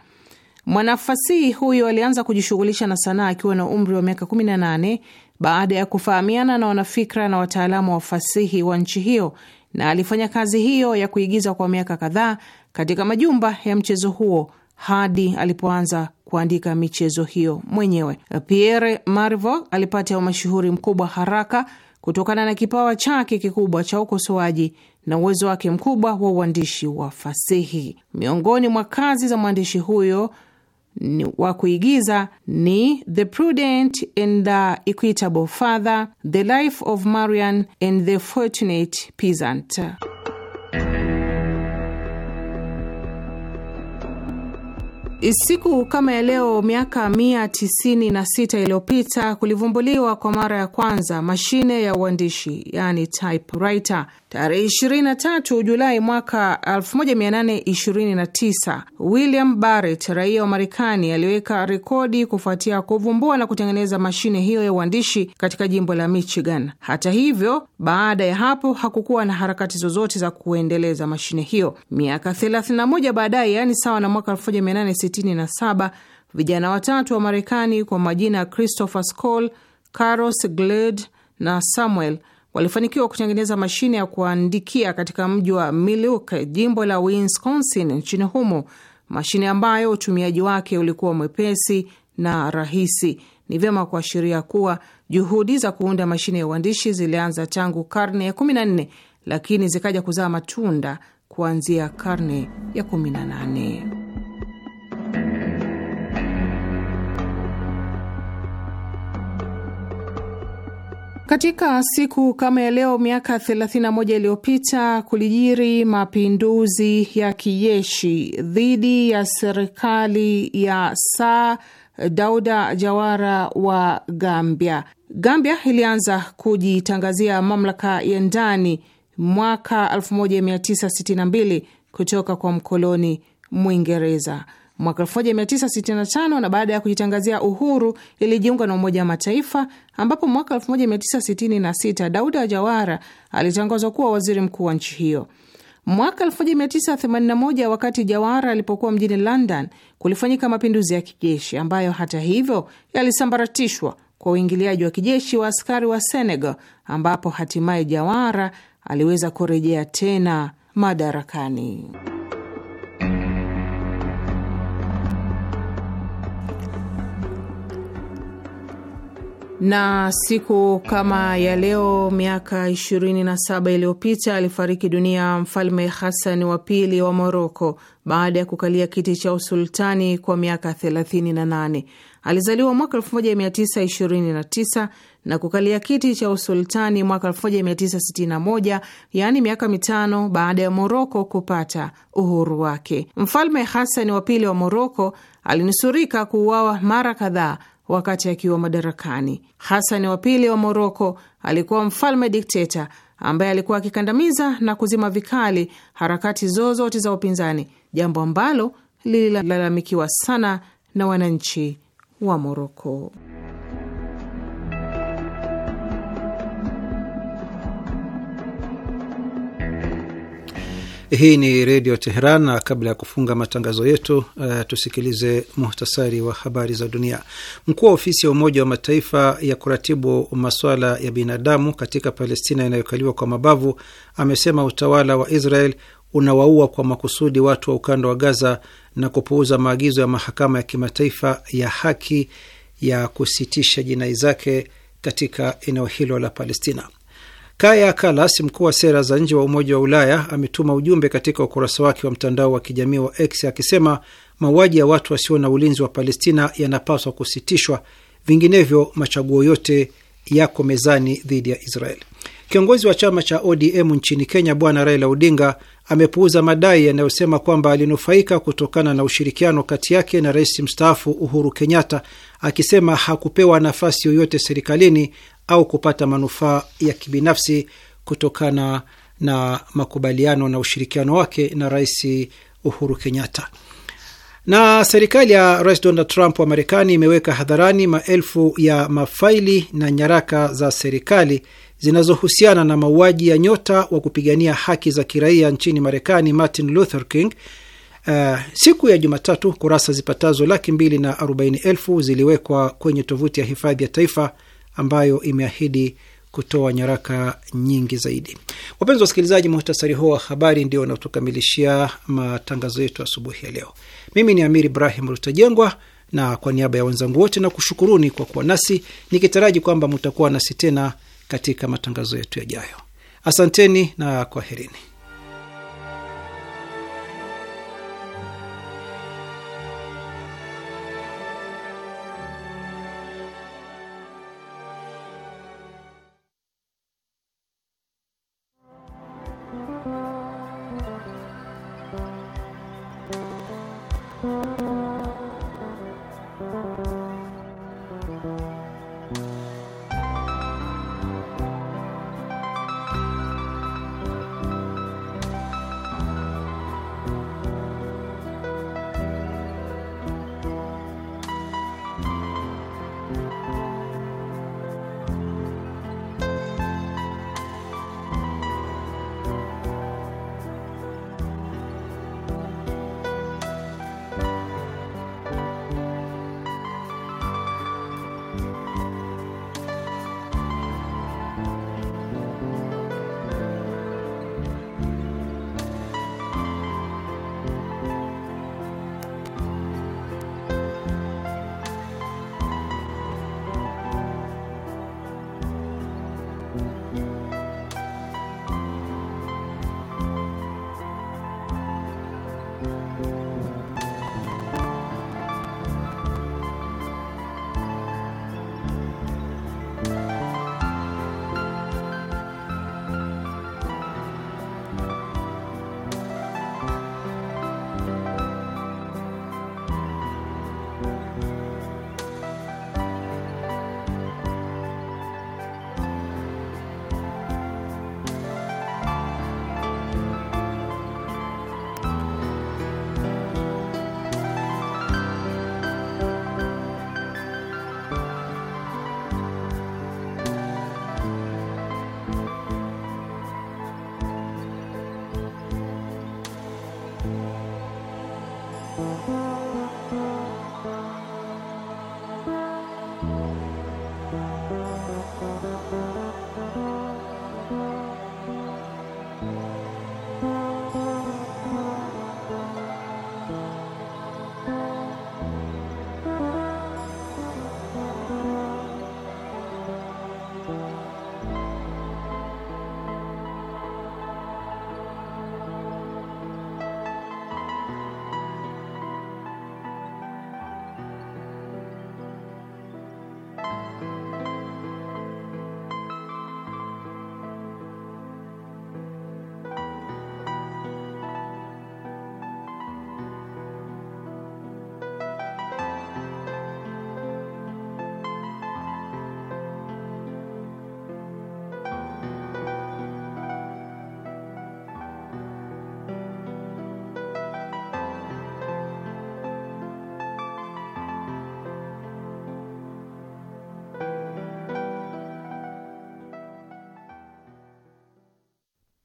Mwanafasihi huyo alianza kujishughulisha na sanaa akiwa na umri wa miaka 18 baada ya kufahamiana na wanafikra na wataalamu wa fasihi wa nchi hiyo, na alifanya kazi hiyo ya kuigiza kwa miaka kadhaa katika majumba ya mchezo huo hadi alipoanza kuandika michezo hiyo mwenyewe. Pierre Marivaux alipata umashuhuri mkubwa haraka kutokana na kipawa chake kikubwa cha ukosoaji na uwezo wake mkubwa wa uandishi wa fasihi. Miongoni mwa kazi za mwandishi huyo wa kuigiza ni The Prudent and the Equitable Father, The Life of Marian and the Fortunate Peasant. Siku kama ya leo miaka sita iliyopita kulivumbuliwa kwa mara ya kwanza mashine ya uandishi, yani typewriter. Tarehe 23 Julai mwaka 1829 William Barrett, raia wa Marekani, aliweka rekodi kufuatia kuvumbua na kutengeneza mashine hiyo ya uandishi katika jimbo la Michigan. Hata hivyo, baada ya hapo hakukuwa na harakati zozote za kuendeleza mashine hiyo. Miaka 31 baadaye, yaani sawa na mwaka 1867, vijana watatu wa Marekani kwa majina ya Christopher Scholl, Carlos Glade na Samuel walifanikiwa kutengeneza mashine ya kuandikia katika mji wa Milwaukee, jimbo la Wisconsin nchini humo, mashine ambayo utumiaji wake ulikuwa mwepesi na rahisi. Ni vyema kuashiria kuwa juhudi za kuunda mashine ya uandishi zilianza tangu karne ya 14 lakini zikaja kuzaa matunda kuanzia karne ya 18. Katika siku kama ya leo miaka 31 iliyopita kulijiri mapinduzi ya kijeshi dhidi ya serikali ya Saa Dauda Jawara wa Gambia. Gambia ilianza kujitangazia mamlaka ya ndani mwaka 1962 kutoka kwa mkoloni Mwingereza. Mwaka 1965 na baada ya kujitangazia uhuru ilijiunga na Umoja wa Mataifa, ambapo mwaka 1966 Dauda Jawara alitangazwa kuwa waziri mkuu wa nchi hiyo. Mwaka 1981 wakati Jawara alipokuwa mjini London, kulifanyika mapinduzi ya kijeshi ambayo hata hivyo yalisambaratishwa kwa uingiliaji wa kijeshi wa askari wa Senegal, ambapo hatimaye Jawara aliweza kurejea tena madarakani. na siku kama ya leo miaka 27 iliyopita alifariki dunia mfalme Hasan wa pili wa Moroko baada ya kukalia kiti cha usultani kwa miaka 38. Alizaliwa mwaka 1929 na kukalia kiti cha usultani mwaka 1961, yaani miaka mitano baada ya Moroko kupata uhuru wake. Mfalme Hasan wa pili wa Moroko alinusurika kuuawa mara kadhaa wakati akiwa madarakani. Hasani wa pili wa Moroko alikuwa mfalme dikteta ambaye alikuwa akikandamiza na kuzima vikali harakati zozote za upinzani, jambo ambalo lililalamikiwa sana na wananchi wa Moroko. Hii ni Redio Teheran, na kabla ya kufunga matangazo yetu uh, tusikilize muhtasari wa habari za dunia. Mkuu wa ofisi ya Umoja wa Mataifa ya kuratibu maswala ya binadamu katika Palestina inayokaliwa kwa mabavu amesema utawala wa Israel unawaua kwa makusudi watu wa ukanda wa Gaza na kupuuza maagizo ya Mahakama ya Kimataifa ya Haki ya kusitisha jinai zake katika eneo hilo la Palestina. Kaya Kallas, mkuu wa sera za nje wa Umoja wa Ulaya, ametuma ujumbe katika ukurasa wake wa mtandao wa kijamii wa X akisema mauaji ya watu wasio na ulinzi wa Palestina yanapaswa kusitishwa, vinginevyo machaguo yote yako mezani dhidi ya Israeli. Kiongozi wa chama cha ODM nchini Kenya, Bwana Raila Odinga amepuuza madai yanayosema kwamba alinufaika kutokana na ushirikiano kati yake na rais mstaafu Uhuru Kenyatta, akisema hakupewa nafasi yoyote serikalini au kupata manufaa ya kibinafsi kutokana na makubaliano na ushirikiano wake na Rais Uhuru Kenyatta. Na serikali ya Rais Donald Trump wa Marekani imeweka hadharani maelfu ya mafaili na nyaraka za serikali zinazohusiana na mauaji ya nyota wa kupigania haki za kiraia nchini Marekani, Martin Luther King. Uh, siku ya Jumatatu, kurasa zipatazo laki mbili na arobaini elfu ziliwekwa kwenye tovuti ya hifadhi ya taifa ambayo imeahidi kutoa nyaraka nyingi zaidi. Wapenzi wa wasikilizaji, muhtasari huo wa habari ndio unatukamilishia matangazo yetu asubuhi ya leo. Mimi ni Amir Ibrahim Rutajengwa, na kwa niaba ya wenzangu wote na kushukuruni kwa kuwa nasi, nikitaraji kwamba mutakuwa nasi tena katika matangazo yetu yajayo. Asanteni na kwaherini.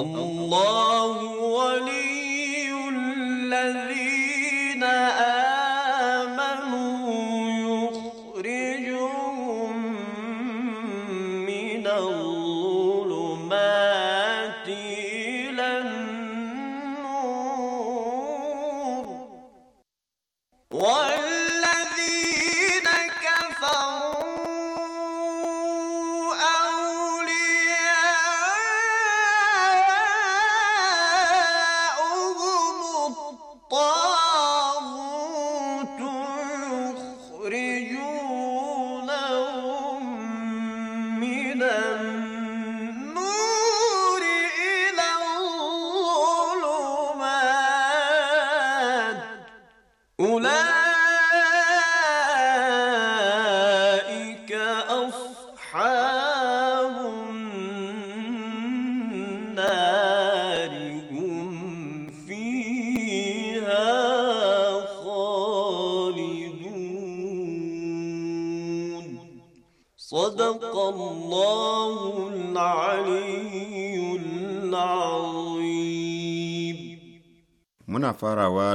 الله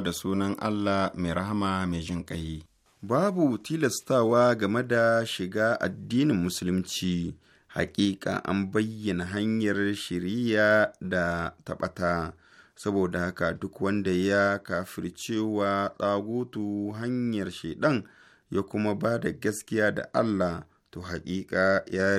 da sunan Allah mai rahama mai jin ƙai. Babu tilastawa game da shiga addinin Musulunci, hakika an bayyana hanyar shiriya da taɓata, saboda haka duk wanda ya kafircewa tsagutu hanyar shaidan ya kuma ba da gaskiya da Allah, to hakika ya